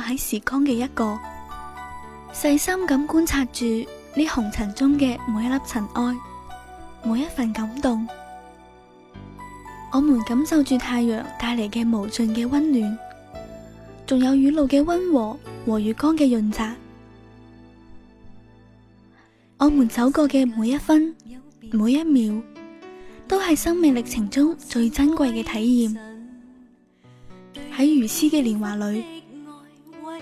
喺時光嘅一個細心咁觀察住呢紅塵中嘅每一粒塵埃，每一份感動。我們感受住太陽帶嚟嘅無盡嘅溫暖，仲有雨露嘅溫和和月光嘅潤澤。我們走過嘅每一分每一秒，都係生命歷程中最珍貴嘅體驗。喺如詩嘅年華裏。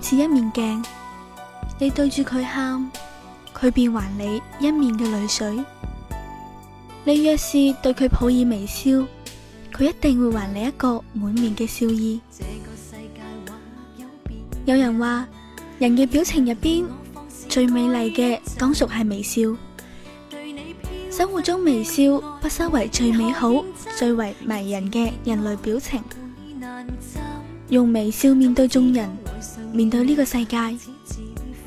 好似一面鏡，你對住佢喊，佢便還你一面嘅淚水；你若是對佢抱以微笑，佢一定會還你一個滿面嘅笑意。有人話，人嘅表情入邊最美麗嘅，當屬係微笑。生活中微笑不失為最美好、最為迷人嘅人類表情。用微笑面對眾人。面對呢個世界，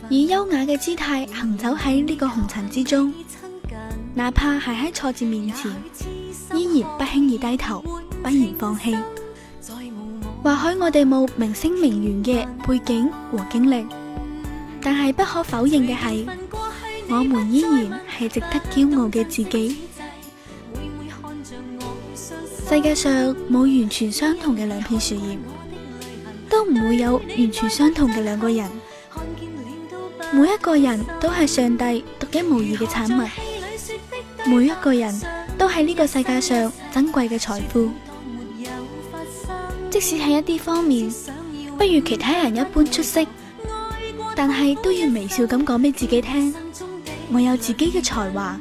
以優雅嘅姿態行走喺呢個紅塵之中，哪怕係喺挫折面前，依然不輕易低頭，不言放棄。或許我哋冇明星名媛嘅背景和經歷，但係不可否認嘅係，我們依然係值得驕傲嘅自己。世界上冇完全相同嘅兩片樹葉。都唔會有完全相同嘅兩個人，每一個人都係上帝獨一無二嘅產物，每一個人都係呢個世界上珍貴嘅財富。即使喺一啲方面不如其他人一般出色，但係都要微笑咁講俾自己聽：我有自己嘅才華，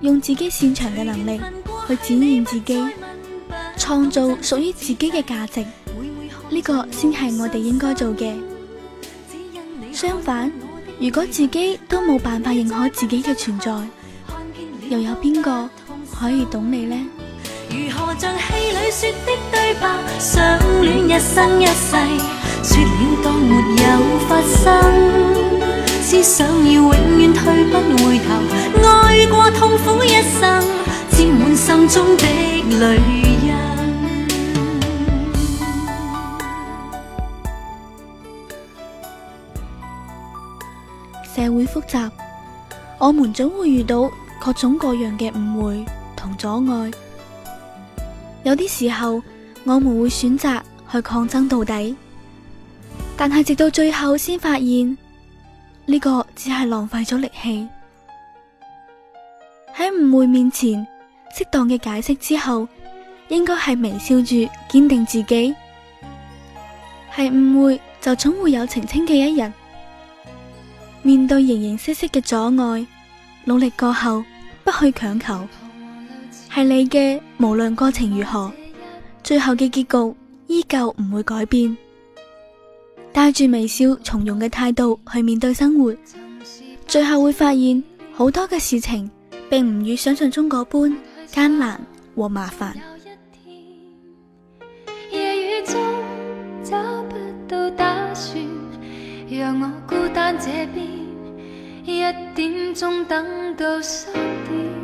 用自己擅長嘅能力去展現自己，創造屬於自己嘅價值。呢個先係我哋應該做嘅。相反，如果自己都冇辦法認可自己嘅存在，又有邊個可以懂你呢？如何像戲裏說的對白，相戀一生一世，說了當沒有發生，只想要永遠退不回頭，愛過痛苦一生，沾滿心中的淚。複雜，我們總會遇到各種各樣嘅誤會同阻礙。有啲時候，我們會選擇去抗爭到底，但係直到最後先發現呢個只係浪費咗力氣。喺誤會面前，適當嘅解釋之後，應該係微笑住堅定自己。係誤會就總會有澄清嘅一日。面對形形色色嘅阻礙，努力過後，不去強求，係你嘅，無論過程如何，最後嘅結局依舊唔會改變。帶住微笑從容嘅態度去面對生活，最後會發現好多嘅事情並唔如想象中嗰般艱難和麻煩。夜雨中讓我孤單這邊，一點鐘等到三點。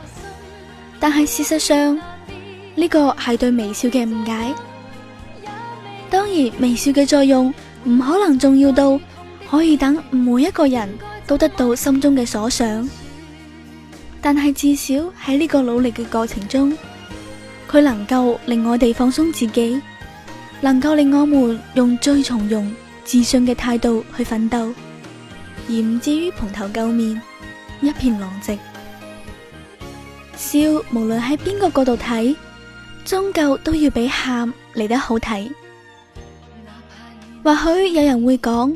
但係事實上，呢個係對微笑嘅誤解。當然，微笑嘅作用唔可能重要到可以等每一個人都得到心中嘅所想。但係至少喺呢個努力嘅過程中，佢能夠令我哋放鬆自己，能夠令我們用最從容、自信嘅態度去奮鬥，而唔至於蓬頭垢面，一片狼藉。笑無論喺邊個角度睇，終究都要比喊嚟得好睇。或許有人會講：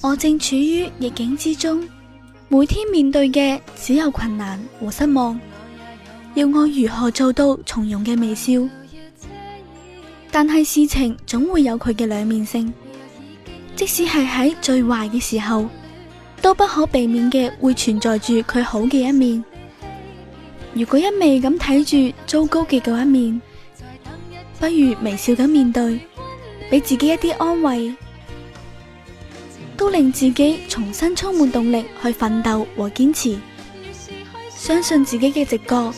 我正處於逆境之中，每天面對嘅只有困難和失望，要我如何做到從容嘅微笑？但係事情總會有佢嘅兩面性，即使係喺最壞嘅時候，都不可避免嘅會存在住佢好嘅一面。如果一味咁睇住糟糕嘅一面，不如微笑咁面對，俾自己一啲安慰，都令自己重新充滿動力去奮鬥和堅持。相信自己嘅直覺，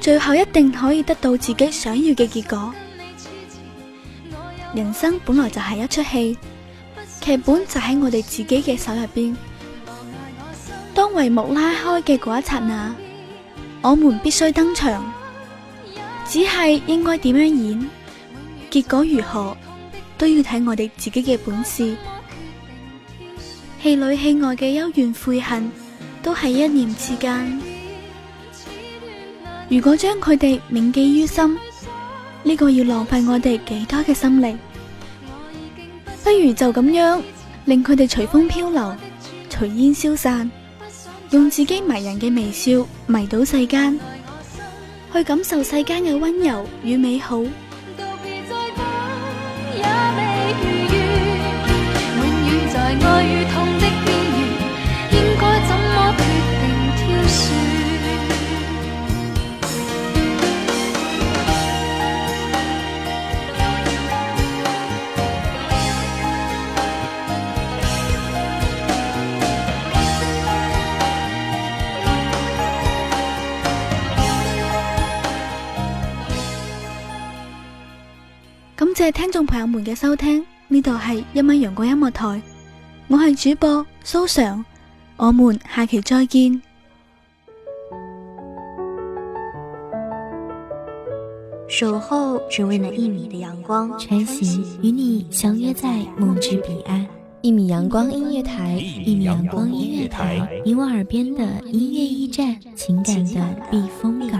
最後一定可以得到自己想要嘅結果。人生本來就係一出戲，劇本就喺我哋自己嘅手入邊。當帷幕拉開嘅嗰一剎那。我們必須登場，只係應該點樣演，結果如何都要睇我哋自己嘅本事。戲裏戲外嘅幽怨悔恨，都係一念之間。如果將佢哋銘記於心，呢個要浪費我哋幾多嘅心力？不如就咁樣，令佢哋隨風漂流，隨煙消散。用自己迷人嘅微笑迷倒世間，去感受世間嘅溫柔與美好。多謝，謝聽眾朋友們嘅收聽，呢度係一米陽光音樂台，我係主播蘇常，我們下期再見。守候只為那一米的陽光，晨曦與你相約在夢之彼岸。一米陽光音樂台，一米陽光音樂台，你我耳邊的音樂驛站，情感的避風港。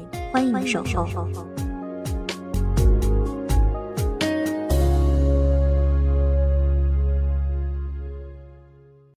歡迎守候。